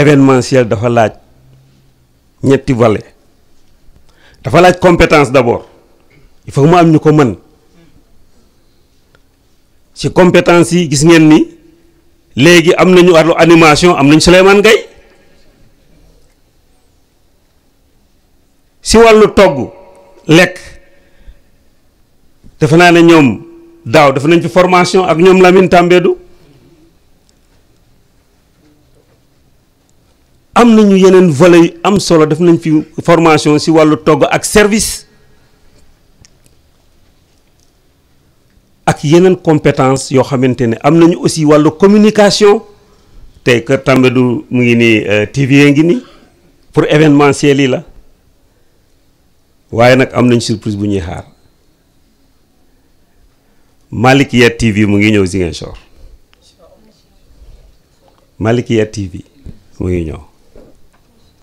événementiel dafa laaj ñetti volet dafa laaj compétence d'abord il faut mu am ñu ko mën ci compétence yi gis ngeen ni léegi am nañu wàllu animation am nañu Souleymane Gaye si wàllu togg lekk defe naa ne ñoom daaw def nañ ci formation ak ñoom Lamine Tambédou am nañu yeneen volet am solo def nañ fi formation si wàllu togg ak service ak yeneen compétence yoo xamante ne am nañu aussi wàllu communication tey kër Tambadou mu ngi nii euh, TV ngi nii pour événementiel yi la waaye nag am nañ surprise bu ñuy xaar ya TV mu ngi ñëw malik ya TV mu ngi ñëw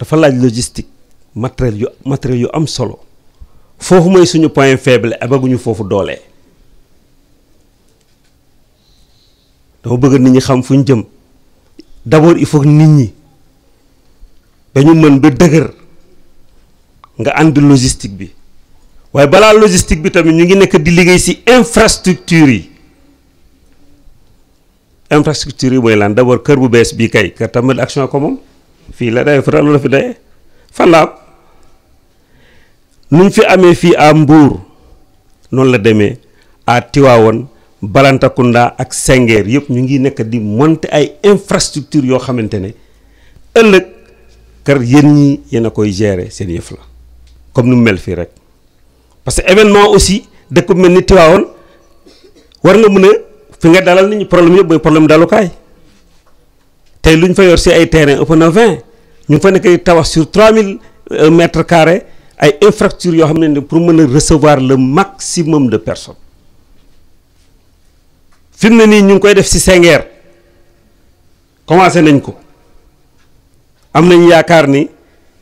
dafa laaj logistique matériel yu matériel yu am solo foofu mooy suñu point faible abaguñu foofu doole dama bëgg nit ñi xam fuñ jëm d'abord il faut nit ñi dañu mën ba dëgër nga ànd logistique bi waaye balaa logistique bi tamit ñu ngi nekk di liggéey si infrastructure yi infrastructure yi mooy lan d'abord kër bu bees bii kay kër tamit action ko moom fii la day fa la fi day fan laa nuñ fi amee fii à Mbour noonu la demee à Tivaouane Balantakunda ak Sengeer yëpp ñu ngi nekk di monter ay infrastructure yoo xamante ne ëllëg kër yéen ñi yéen a koy gere seen yëf la comme nu mel fii rek parce que événement aussi dëkk bu mel ni Tivaouane war nga mën a fi nga dalal nit ñi problème yëpp mooy problème dalukaay. tey lu ñu fa yor si ay terrain ëpp na 20 ñu fa nekk di tabax sur mille euh, mètres carrés ay infrastructures yoo xam ne ni pour mën a recevoir le maximum de personnes fi mu ne nii ñu ngi koy def si Senghor commencé nañ ko am nañ yaakaar ni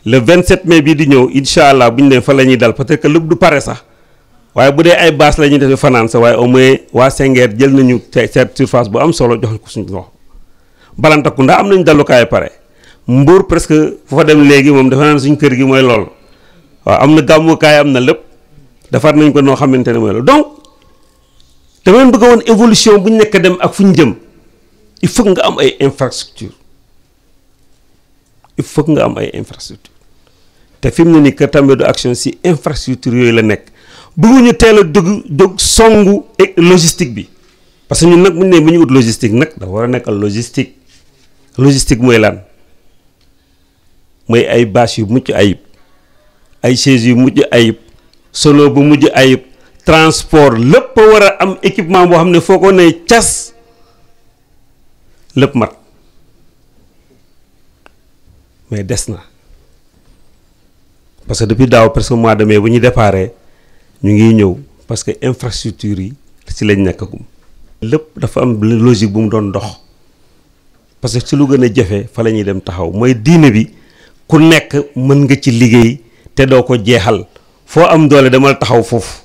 le 27 mai bii di ñëw incha allah bu ñu nee fa la ñuy dal peut-être que lépp du pare sax waaye bu dee ay bâche la ñuy def fanaan sax waaye au moins waa Senghor jël nañu cette surface bu am solo jox ko suñu wax. ndax am nañ dallukaay pare Mbour presque fu fa dem léegi moom dafa naan suñ kër gi mooy loolu waaw am na gàmmukaay am na lépp defar nañ ko noo xamante ne mooy loolu donc dama leen woon évolution bu ñu nekk dem ak fu ñu jëm il faut nga am ay infrastructure il faut nga am ay infrastructure te fi mu ne nii Kër Tambadou action si infrastructure yooyu la nekk bëgguñu teel a dugg jóg songu eh, logistique bi parce que ñun nag bu ñu nee bu nag dafa war a nekkal logistique logistique mooy lan mooy ay bâche yu mucc ayib ay chaise yu mujj ayib solo bu mujj ayib transport lépp war a am équipement boo xam ne foo ko ne cas lépp mat mais des na parce que depuis daaw que mois de mai bu ñu déparé ñu ngi ñëw parce que infrastructure yi si lañ nekkagum lépp dafa am logique bu mu doon dox parce que ci lu gën a jafe fa la ñuy dem taxaw mooy diine bi ku nekk mën nga ci liggéey te doo ko jeexal foo am doole demal taxaw foofu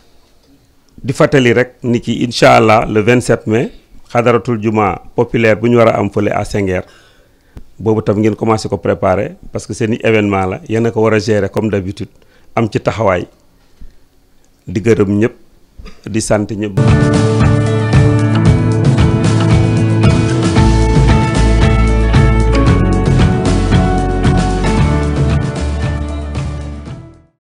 di fàttali rek nit ki incha allah le 27 mai xadaratul juma populaire bu ñu war a am fële à Senghor boobu tam ngeen commencé ko préparer parce que seen i événement la yéen a ko war a gérer comme d'habitude am ci taxawaay di gërëm ñëpp di sant ñëpp.